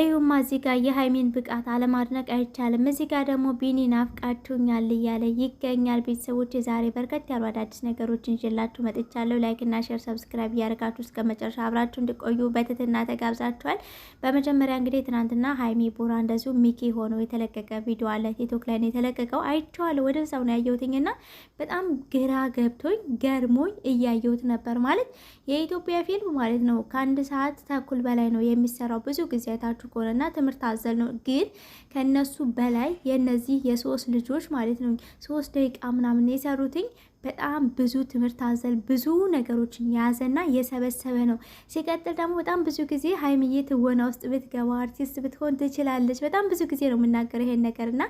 እዩማ እዚህ ጋር የሀይሚን ብቃት አለማድነቅ አይቻልም። እዚህ ጋር ደግሞ ቢኒ ናፍቃችሁኛል እያለ ይገኛል። ቤተሰቦች ዛሬ በርከት ያሉ አዳዲስ ነገሮችን ይዤላችሁ መጥቻለሁ። ላይክና ሼር፣ ሰብስክራይብ እያደረጋችሁ እስከ መጨረሻ አብራችሁ እንድቆዩ በትህትና ተጋብዛችኋል። በመጀመሪያ እንግዲህ ትናንትና ሀይሚ ቡራ እንደዚሁ ሚኪ ሆኖ የተለቀቀ ቪዲዮ አለ ቲክቶክ ላይ ነው የተለቀቀው። አይቼዋለሁ። ወደ ሰው ነው ያየሁትኝና በጣም ግራ ገብቶኝ ገርሞኝ እያየሁት ነበር። ማለት የኢትዮጵያ ፊልም ማለት ነው ከአንድ ሰዓት ተኩል በላይ ነው የሚሰራው ብዙ ጊዜ አይታችሁ አድርጎንና ትምህርት አዘል ነው። ግን ከእነሱ በላይ የእነዚህ የሶስት ልጆች ማለት ነው ሶስት ደቂቃ ምናምን የሰሩትኝ በጣም ብዙ ትምህርት አዘል ብዙ ነገሮችን የያዘና የሰበሰበ ነው። ሲቀጥል ደግሞ በጣም ብዙ ጊዜ ሀይሚዬ ትወና ውስጥ ብትገባ አርቲስት ብትሆን ትችላለች። በጣም ብዙ ጊዜ ነው የምናገረው ይሄን ነገር እና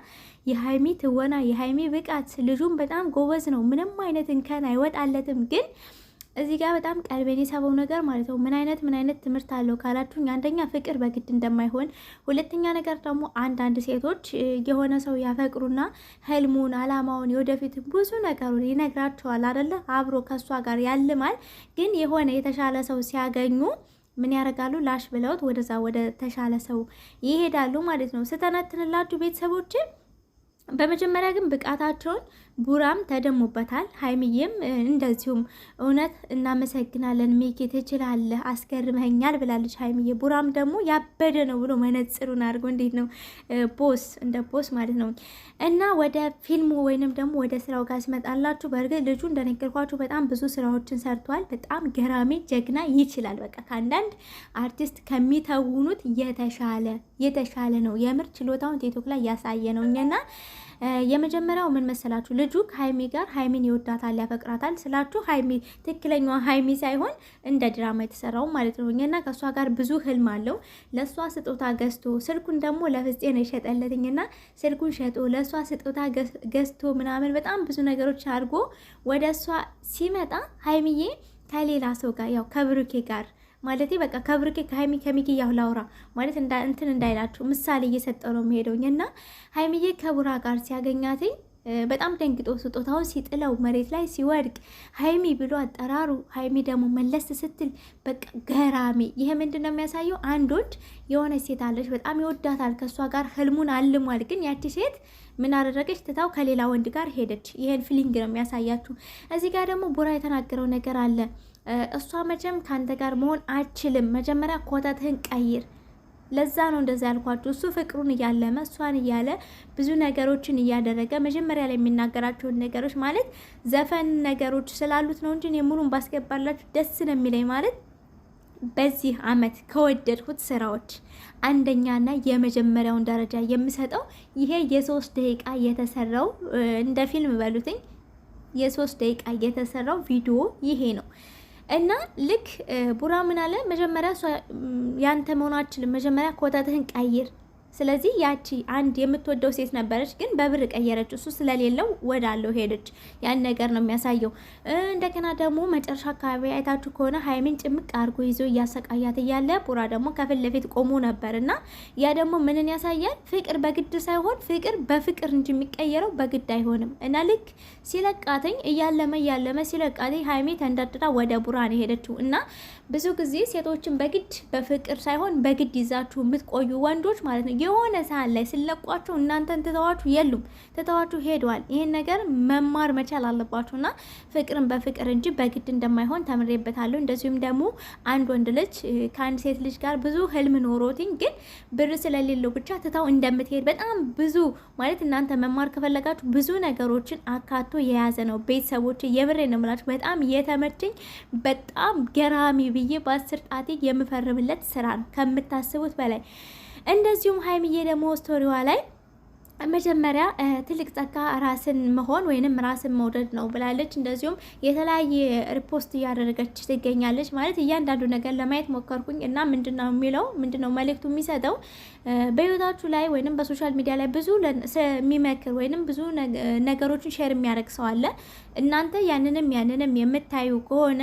የሀይሚ ትወና የሀይሚ ብቃት ልጁም በጣም ጎበዝ ነው። ምንም አይነት እንከን አይወጣለትም ግን እዚህ ጋር በጣም ቀልቤን የሰበው ነገር ማለት ነው ምን አይነት ምን አይነት ትምህርት አለው ካላችሁኝ፣ አንደኛ ፍቅር በግድ እንደማይሆን፣ ሁለተኛ ነገር ደግሞ አንዳንድ ሴቶች የሆነ ሰው ያፈቅሩና ህልሙን፣ አላማውን፣ የወደፊት ብዙ ነገሩን ይነግራቸዋል አደለ? አብሮ ከእሷ ጋር ያልማል። ግን የሆነ የተሻለ ሰው ሲያገኙ ምን ያደርጋሉ? ላሽ ብለውት ወደዛ ወደ ተሻለ ሰው ይሄዳሉ ማለት ነው። ስተነትንላችሁ ቤተሰቦችን በመጀመሪያ ግን ብቃታቸውን ቡራም ተደሞበታል፣ ሀይምዬም እንደዚሁም። እውነት እናመሰግናለን ሚኪ ትችላለህ፣ አስገርመኛል ብላለች ሀይምዬ። ቡራም ደግሞ ያበደ ነው ብሎ መነጽሩን አድርጎ እንዴት ነው ቦስ እንደ ቦስ ማለት ነው። እና ወደ ፊልሙ ወይንም ደግሞ ወደ ስራው ጋር ሲመጣላችሁ፣ በእርግጥ ልጁ እንደነገርኳችሁ በጣም ብዙ ስራዎችን ሰርቷል። በጣም ገራሚ ጀግና ይችላል። በቃ ከአንዳንድ አርቲስት ከሚተውኑት የተሻለ የተሻለ ነው። የምር ችሎታውን ቲክቶክ ላይ ያሳየ ነው እኛና የመጀመሪያው ምን መሰላችሁ? ልጁ ከሀይሚ ጋር ሀይሚን ይወዳታል፣ ያፈቅራታል ስላችሁ ሀይሚ ትክክለኛ ሀይሚ ሳይሆን እንደ ድራማ የተሰራው ማለት ነው። እኛና ከእሷ ጋር ብዙ ህልም አለው። ለእሷ ስጦታ ገዝቶ ስልኩን ደግሞ ለፍፄ ነው የሸጠለትኝና ስልኩን ሸጦ ለእሷ ስጦታ ገዝቶ ምናምን በጣም ብዙ ነገሮች አድርጎ ወደ እሷ ሲመጣ ሀይሚዬ ከሌላ ሰው ጋር ያው ከብሩኬ ጋር ማለት በቃ ከብርቄ ከሀይሚ ከሚኪ ያሁላውራ ማለት እንትን እንዳይላችሁ ምሳሌ እየሰጠ ነው የሚሄደውኝ እና ሀይሚዬ ከቡራ ጋር ሲያገኛትኝ በጣም ደንግጦ ስጦታውን ሲጥለው መሬት ላይ ሲወድቅ ሀይሚ ብሎ አጠራሩ። ሀይሚ ደግሞ መለስ ስትል በቃ ገራሚ። ይሄ ምንድን ነው የሚያሳየው? አንድ ወንድ የሆነ ሴት አለች፣ በጣም ይወዳታል፣ ከእሷ ጋር ህልሙን አልሟል። ግን ያቺ ሴት ምን አደረገች? ትታው ከሌላ ወንድ ጋር ሄደች። ይሄን ፊሊንግ ነው የሚያሳያችሁ። እዚህ ጋር ደግሞ ቡራ የተናገረው ነገር አለ እሷ መቼም ከአንተ ጋር መሆን አችልም። መጀመሪያ ኮተትህን ቀይር። ለዛ ነው እንደዛ ያልኳችሁ። እሱ ፍቅሩን እያለመ እሷን እያለ ብዙ ነገሮችን እያደረገ መጀመሪያ ላይ የሚናገራቸውን ነገሮች ማለት ዘፈን ነገሮች ስላሉት ነው እንጂ የሙሉን ባስገባላችሁ ደስ ነው የሚለኝ ማለት በዚህ አመት ከወደድኩት ስራዎች አንደኛና የመጀመሪያውን ደረጃ የምሰጠው ይሄ የሶስት ደቂቃ የተሰራው እንደ ፊልም በሉትኝ የሶስት ደቂቃ የተሰራው ቪዲዮ ይሄ ነው። እና ልክ ቡራ ምን አለ መጀመሪያ ያንተ መሆን መጀመሪያ ኮታትህን ቀይር ስለዚህ ያቺ አንድ የምትወደው ሴት ነበረች፣ ግን በብር ቀየረች። እሱ ስለሌለው ወዳለው ሄደች። ያን ነገር ነው የሚያሳየው። እንደገና ደግሞ መጨረሻ አካባቢ አይታችሁ ከሆነ ሀይሚን ጭምቅ አድርጎ ይዞ እያሰቃያት እያለ ቡራ ደግሞ ከፊት ለፊት ቆሞ ነበር እና ያ ደግሞ ምንን ያሳያል? ፍቅር በግድ ሳይሆን ፍቅር በፍቅር እንጂ የሚቀየረው በግድ አይሆንም። እና ልክ ሲለቃተኝ እያለመ እያለመ ሲለቃተኝ ሀይሜ ተንዳድራ ወደ ቡራ ነው ሄደችው። እና ብዙ ጊዜ ሴቶችን በግድ በፍቅር ሳይሆን በግድ ይዛችሁ የምትቆዩ ወንዶች ማለት ነው የሆነ ሰዓት ላይ ስለቋቸው እናንተን ትተዋችሁ የሉም ትተዋችሁ ሄደዋል። ይህን ነገር መማር መቻል አለባችሁና ፍቅርን በፍቅር እንጂ በግድ እንደማይሆን ተምሬበታለሁ። እንደዚሁም ደግሞ አንድ ወንድ ልጅ ከአንድ ሴት ልጅ ጋር ብዙ ህልም ኖሮትኝ ግን ብር ስለሌለው ብቻ ትታው እንደምትሄድ በጣም ብዙ ማለት እናንተ መማር ከፈለጋችሁ ብዙ ነገሮችን አካቶ የያዘ ነው። ቤተሰቦች የምሬ ነው የምላችሁ በጣም የተመቸኝ በጣም ገራሚ ብዬ በአስር ጣቴ የምፈርምለት ስራ ነው ከምታስቡት በላይ እንደዚሁም ሀይሚዬ ደግሞ ስቶሪዋ ላይ መጀመሪያ ትልቅ ጸጋ ራስን መሆን ወይንም ራስን መውደድ ነው ብላለች። እንደዚሁም የተለያየ ሪፖስት እያደረገች ትገኛለች። ማለት እያንዳንዱ ነገር ለማየት ሞከርኩኝ እና ምንድነው የሚለው ምንድነው መልእክቱ የሚሰጠው በህይወታችሁ ላይ ወይንም በሶሻል ሚዲያ ላይ ብዙ የሚመክር ወይንም ብዙ ነገሮችን ሼር የሚያደርግ ሰው አለ። እናንተ ያንንም ያንንም የምታዩ ከሆነ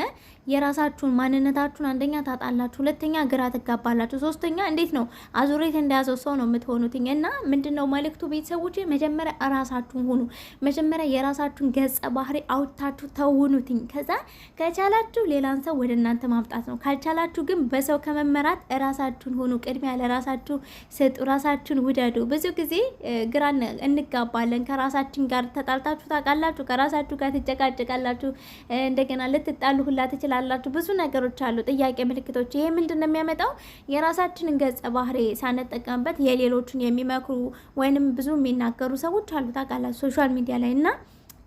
የራሳችሁን ማንነታችሁን አንደኛ ታጣላችሁ፣ ሁለተኛ ግራ ትጋባላችሁ፣ ሶስተኛ እንዴት ነው አዙሬት እንደያዘው ሰው ነው የምትሆኑት። እና ምንድን ነው መልእክቱ ቤተሰቦች? መጀመሪያ ራሳችሁን ሁኑ። መጀመሪያ የራሳችሁን ገጸ ባህሪ አውጥታችሁ ተውኑትኝ። ከዛ ከቻላችሁ ሌላን ሰው ወደ እናንተ ማምጣት ነው። ካልቻላችሁ ግን በሰው ከመመራት ራሳችሁን ሁኑ። ቅድሚያ ለራሳችሁ ስጡ። ራሳችሁን ውደዱ። ብዙ ጊዜ ግራ እንጋባለን። ከራሳችን ጋር ተጣልታችሁ ታውቃላችሁ? ከራሳችሁ ጋር ትጨቃጨቃላችሁ፣ እንደገና ልትጣሉ ሁላ ትችላላችሁ። ብዙ ነገሮች አሉ፣ ጥያቄ ምልክቶች። ይሄ ምንድን ነው የሚያመጣው? የራሳችንን ገጸ ባህሪ ሳንጠቀምበት የሌሎችን የሚመክሩ ወይንም ብዙ የሚናገሩ ሰዎች አሉ ታውቃላችሁ፣ ሶሻል ሚዲያ ላይ እና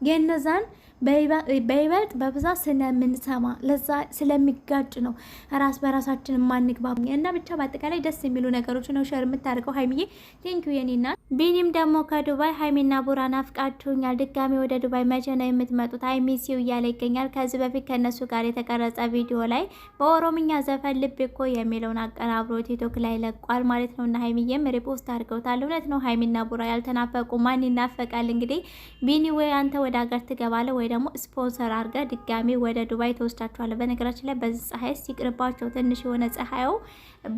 የነዛን በይበልጥ በብዛት ስለምንሰማ ለዛ ስለሚጋጭ ነው ራስ በራሳችን የማንግባባ እና ብቻ በአጠቃላይ ደስ የሚሉ ነገሮች ነው ሸር የምታደርገው ሀይሚዬ። ቴንኪ የኔና ቢኒም ደግሞ ከዱባይ ሀይሚና ቡራ ናፍቃችሁኛል፣ ድጋሚ ወደ ዱባይ መቼ ነው የምትመጡት? ሀይሚ ሲው እያለ ይገኛል። ከዚህ በፊት ከእነሱ ጋር የተቀረጸ ቪዲዮ ላይ በኦሮምኛ ዘፈን ልብ እኮ የሚለውን አቀናብሮ ቲክቶክ ላይ ለቋል ማለት ነው እና ሀይሚዬም ሪፖስት አድርገውታል። እውነት ነው ሀይሚና ቡራ ያልተናፈቁ ማን ይናፈቃል? እንግዲህ ቢኒ ወይ አንተ ወደ ሀገር ትገባለ ወይ ደግሞ ስፖንሰር አድርጋ ድጋሚ ወደ ዱባይ ተወስዳችኋለሁ። በነገራችን ላይ በዚህ ፀሐይ ሲቅርባቸው ትንሽ የሆነ ፀሐዩ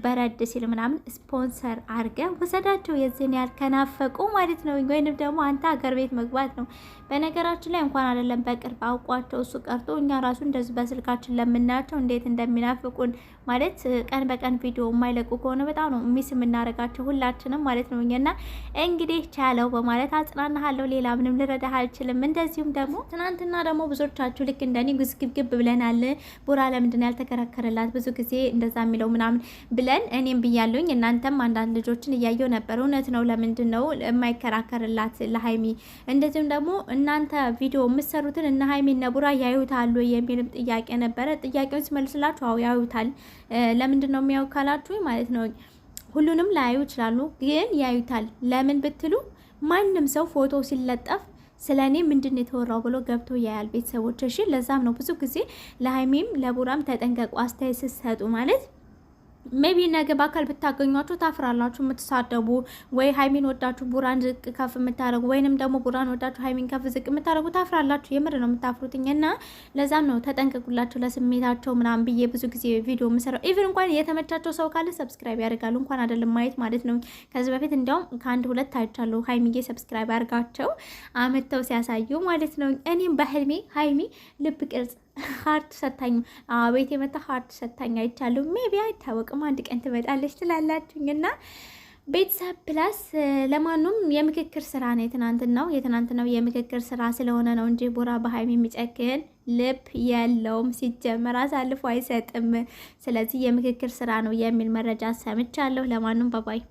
በረድ ሲል ምናምን ስፖንሰር አድርገ ወሰዳቸው። የዚህን ያህል ከናፈቁ ማለት ነው። ወይንም ደግሞ አንተ ሀገር ቤት መግባት ነው። በነገራችን ላይ እንኳን አይደለም በቅርብ አውቋቸው እሱ ቀርቶ እኛ ራሱ እንደዚህ በስልካችን ለምናያቸው እንዴት እንደሚናፍቁን ማለት ቀን በቀን ቪዲዮ የማይለቁ ከሆነ በጣም ነው ሚስ የምናደርጋቸው ሁላችንም ማለት ነው። እኛና እንግዲህ ቻለው በማለት አጽናናሃለሁ። ሌላ ምንም ልረዳህ አልችልም። እንደዚሁም ደግሞ ትናንት ትናንትና ደግሞ ብዙዎቻችሁ ልክ እንደኔ ግዝግብግብ ብለናል። ቡራ ለምንድን ያልተከራከረላት ብዙ ጊዜ እንደዛ የሚለው ምናምን ብለን እኔም ብያለሁኝ፣ እናንተም አንዳንድ ልጆችን እያየው ነበር። እውነት ነው። ለምንድን ነው የማይከራከርላት ለሀይሚ? እንደዚሁም ደግሞ እናንተ ቪዲዮ የምትሰሩትን እነ ሀይሚ እነ ቡራ ያዩታሉ የሚልም ጥያቄ ነበረ። ጥያቄውን ሲመልስላችሁ አዎ ያዩታል። ለምንድን ነው የሚያዩ ካላችሁ ማለት ነው ሁሉንም ላያዩ ይችላሉ፣ ግን ያዩታል። ለምን ብትሉ ማንም ሰው ፎቶ ሲለጠፍ ስለ እኔ ምንድን የተወራው ብሎ ገብቶ ያያል ቤተሰቦች። እሺ ለዛም ነው ብዙ ጊዜ ለሀይሜም ለቡራም ተጠንቀቁ አስተያየት ስትሰጡ ማለት ሜቢ ነገ በአካል ብታገኟቸው ታፍራላችሁ። የምትሳደቡ ወይ ሀይሚን ወዳችሁ ቡራን ዝቅ ከፍ የምታደረጉ ወይንም ደግሞ ቡራን ወዳችሁ ሀይሚን ከፍ ዝቅ የምታደረጉ ታፍራላችሁ። የምር ነው የምታፍሩትኝ እና ለዛም ነው ተጠንቀቁላቸው ለስሜታቸው ምናምን ብዬ ብዙ ጊዜ ቪዲዮ የምሰራው። ኢቭን እንኳን የተመቻቸው ሰው ካለ ሰብስክራይብ ያደርጋሉ። እንኳን አይደለም ማየት ማለት ነው። ከዚህ በፊት እንዲያውም ከአንድ ሁለት ታይቻለሁ። ሀይሚዬ ሰብስክራይብ ያደርጋቸው አመተው ሲያሳዩ ማለት ነው። እኔም በህልሜ ሀይሚ ልብ ቅርጽ ሀርት ሰታኝ ቤት የመጣ ሀርት ሰታኝ አይቻለሁ። ሜቢ አይታወቅም፣ አንድ ቀን ትመጣለች ትላላችሁኝ እና ቤተሰብ ፕላስ ለማኑም የምክክር ስራ ነው የትናንትናው የትናንትናው የምክክር ስራ ስለሆነ ነው እንጂ ቦራ በሀይሚ የሚጨክን ልብ የለውም። ሲጀመር አሳልፎ አይሰጥም። ስለዚህ የምክክር ስራ ነው የሚል መረጃ ሰምቻለሁ። ለማኑም ባባይ